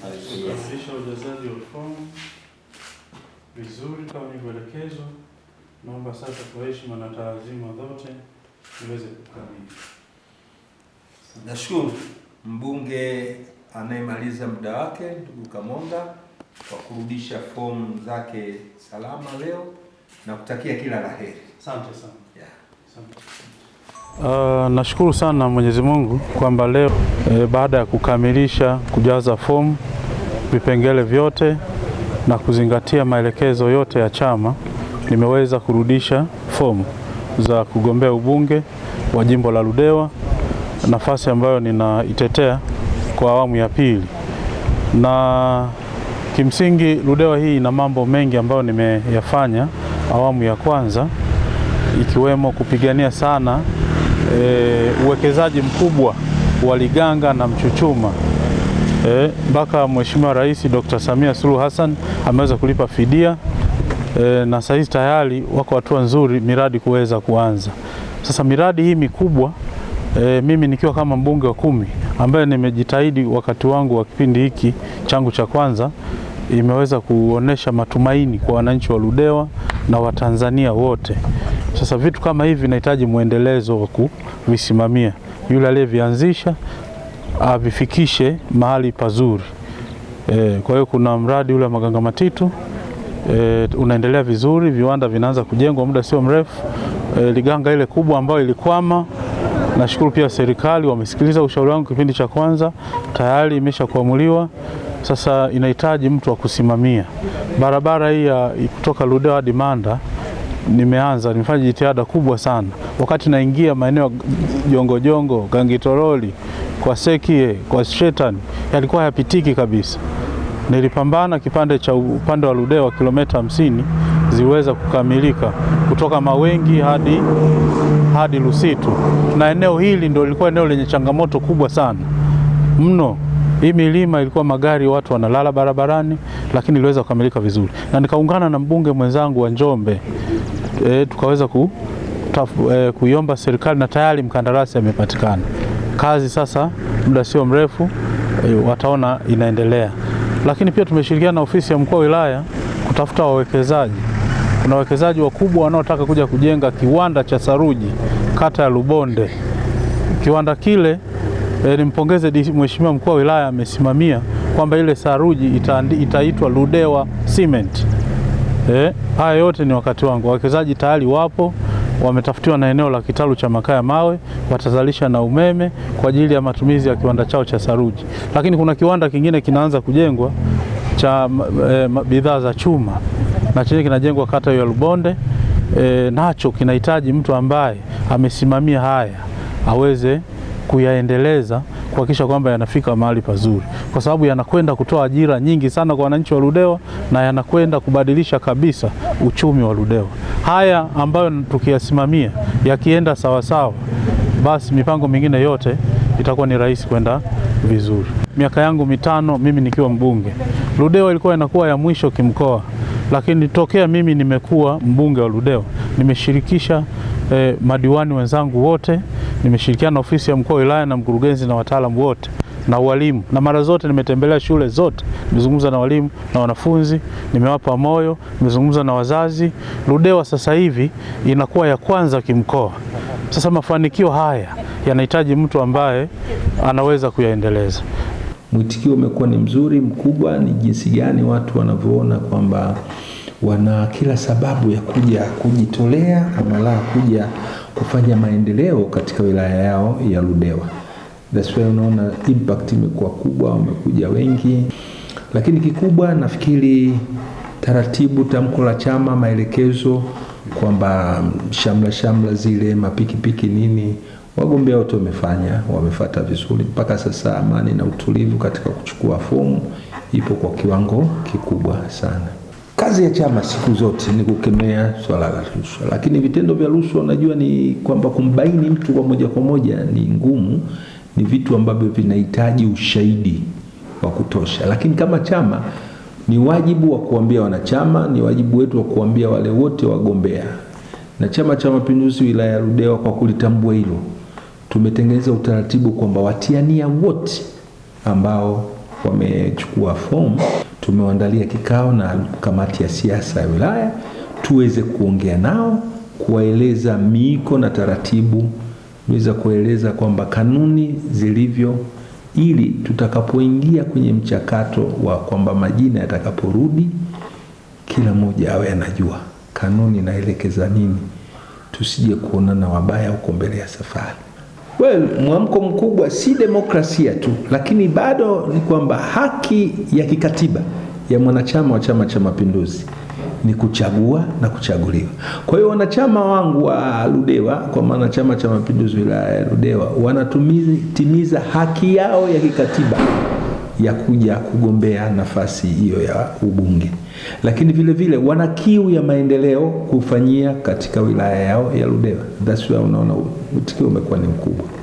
kukamilisha ujazaji wa fomu vizuri kama ilivyoelekezwa. Naomba sasa kwa heshima na taazima zote niweze kukamilisha. Nashukuru mbunge anayemaliza muda wake ndugu Kamonga kwa kurudisha fomu zake salama leo na kutakia kila la heri. Asante sana. Yeah. Asante. Uh, nashukuru sana Mwenyezi Mungu kwamba leo eh, baada ya kukamilisha kujaza fomu vipengele vyote na kuzingatia maelekezo yote ya chama, nimeweza kurudisha fomu za kugombea ubunge wa jimbo la Ludewa, nafasi ambayo ninaitetea kwa awamu ya pili. Na kimsingi Ludewa hii ina mambo mengi ambayo nimeyafanya awamu ya kwanza, ikiwemo kupigania sana e, uwekezaji mkubwa wa Liganga na Mchuchuma. Eh, mpaka e, Mheshimiwa Rais Dr. Samia Suluhu Hassan ameweza kulipa fidia e, na sasa tayari wako hatua nzuri miradi kuweza kuanza. Sasa miradi hii mikubwa e, mimi nikiwa kama mbunge wa kumi ambaye nimejitahidi wakati wangu wa kipindi hiki changu cha kwanza imeweza kuonesha matumaini kwa wananchi wa Ludewa na Watanzania wote. Sasa vitu kama hivi vinahitaji mwendelezo wa kuvisimamia, yule aliyevianzisha avifikishe ah, mahali pazuri. E, kwa hiyo kuna mradi ule wa Maganga Matitu e, unaendelea vizuri, viwanda vinaanza kujengwa muda sio mrefu. E, Liganga ile kubwa ambayo ilikwama, nashukuru pia serikali wamesikiliza ushauri wangu kipindi cha kwanza, tayari imeshakuamuliwa Sasa inahitaji mtu wa kusimamia barabara hii ya kutoka Ludewa hadi Manda. Nimeanza, nimefanya jitihada kubwa sana, wakati naingia maeneo Jongojongo, Gangitoroli kwa sekie, kwa shetani yalikuwa hayapitiki kabisa. Nilipambana kipande cha upande wa Ludewa kilomita hamsini ziweza kukamilika kutoka Mawengi hadi, hadi Lusitu, na eneo hili ndio lilikuwa eneo lenye changamoto kubwa sana mno. Hii milima ilikuwa magari, watu wanalala barabarani, lakini iliweza kukamilika vizuri, na nikaungana na mbunge mwenzangu wa Njombe e, tukaweza ku, e, kuiomba serikali na tayari mkandarasi amepatikana kazi sasa muda sio mrefu e, wataona inaendelea. Lakini pia tumeshirikiana na ofisi ya mkuu wa wilaya kutafuta wawekezaji. Kuna wawekezaji wakubwa wanaotaka kuja kujenga kiwanda cha saruji kata ya Lubonde. Kiwanda kile e, nimpongeze mheshimiwa mkuu wa wilaya amesimamia kwamba ile saruji itaitwa ita Ludewa Cement. E, haya yote ni wakati wangu, wawekezaji tayari wapo wametafutiwa na eneo la kitalu cha makaa ya mawe, watazalisha na umeme kwa ajili ya matumizi ya kiwanda chao cha saruji. Lakini kuna kiwanda kingine kinaanza kujengwa cha e, bidhaa za chuma na chenye kinajengwa kata ya Lubonde. E, nacho kinahitaji mtu ambaye amesimamia haya aweze kuyaendeleza kuhakikisha kwamba yanafika mahali pazuri, kwa sababu yanakwenda kutoa ajira nyingi sana kwa wananchi wa Ludewa na yanakwenda kubadilisha kabisa uchumi wa Ludewa. Haya ambayo tukiyasimamia yakienda sawasawa, basi mipango mingine yote itakuwa ni rahisi kwenda vizuri. Miaka yangu mitano mimi nikiwa mbunge, Ludewa ilikuwa inakuwa ya mwisho kimkoa, lakini tokea mimi nimekuwa mbunge wa Ludewa nimeshirikisha eh, madiwani wenzangu wote, nimeshirikiana na ofisi ya mkoa wa wilaya na mkurugenzi na wataalamu wote na walimu, na mara zote nimetembelea shule zote, nimezungumza na walimu na wanafunzi, nimewapa moyo, nimezungumza na wazazi. Ludewa sasa hivi inakuwa ya kwanza kimkoa. Sasa mafanikio haya yanahitaji mtu ambaye anaweza kuyaendeleza. Mwitikio umekuwa ni mzuri mkubwa. Ni jinsi gani watu wanavyoona kwamba wana kila sababu ya kuja kujitolea ama la kuja kufanya maendeleo katika wilaya yao ya Ludewa. That's why unaona impact imekuwa kubwa, wamekuja wengi, lakini kikubwa nafikiri taratibu, tamko la chama, maelekezo kwamba shamla shamla zile mapikipiki nini, wagombea wote wamefanya, wamefata vizuri. Mpaka sasa amani na utulivu katika kuchukua fomu ipo kwa kiwango kikubwa sana. Kazi ya chama siku zote ni kukemea swala la rushwa, lakini vitendo vya rushwa unajua ni kwamba kumbaini mtu kwa moja kwa moja ni ngumu, ni vitu ambavyo vinahitaji ushahidi wa kutosha, lakini kama chama ni wajibu wa kuambia wanachama, ni wajibu wetu wa kuambia wale wote wagombea. Na Chama cha Mapinduzi wilaya ya Ludewa kwa kulitambua hilo, tumetengeneza utaratibu kwamba watiania wote ambao wamechukua fomu tumewaandalia kikao na kamati ya siasa ya wilaya tuweze kuongea nao, kuwaeleza miiko na taratibu tuliweza kueleza kwamba kanuni zilivyo, ili tutakapoingia kwenye mchakato wa kwamba majina yatakaporudi, kila mmoja awe anajua kanuni naelekeza nini, tusije kuonana wabaya huko mbele ya safari. Well, mwamko mkubwa si demokrasia tu, lakini bado ni kwamba haki ya kikatiba ya mwanachama wa Chama cha Mapinduzi ni kuchagua na kuchaguliwa. Kwa hiyo wanachama wangu wa Ludewa, kwa maana Chama cha Mapinduzi wilaya ya Ludewa, wanatimiza haki yao ya kikatiba ya kuja kugombea nafasi hiyo ya ubunge, lakini vile vile wana kiu ya maendeleo kufanyia katika wilaya yao ya Ludewa. That's why unaona mtikio umekuwa ni mkubwa.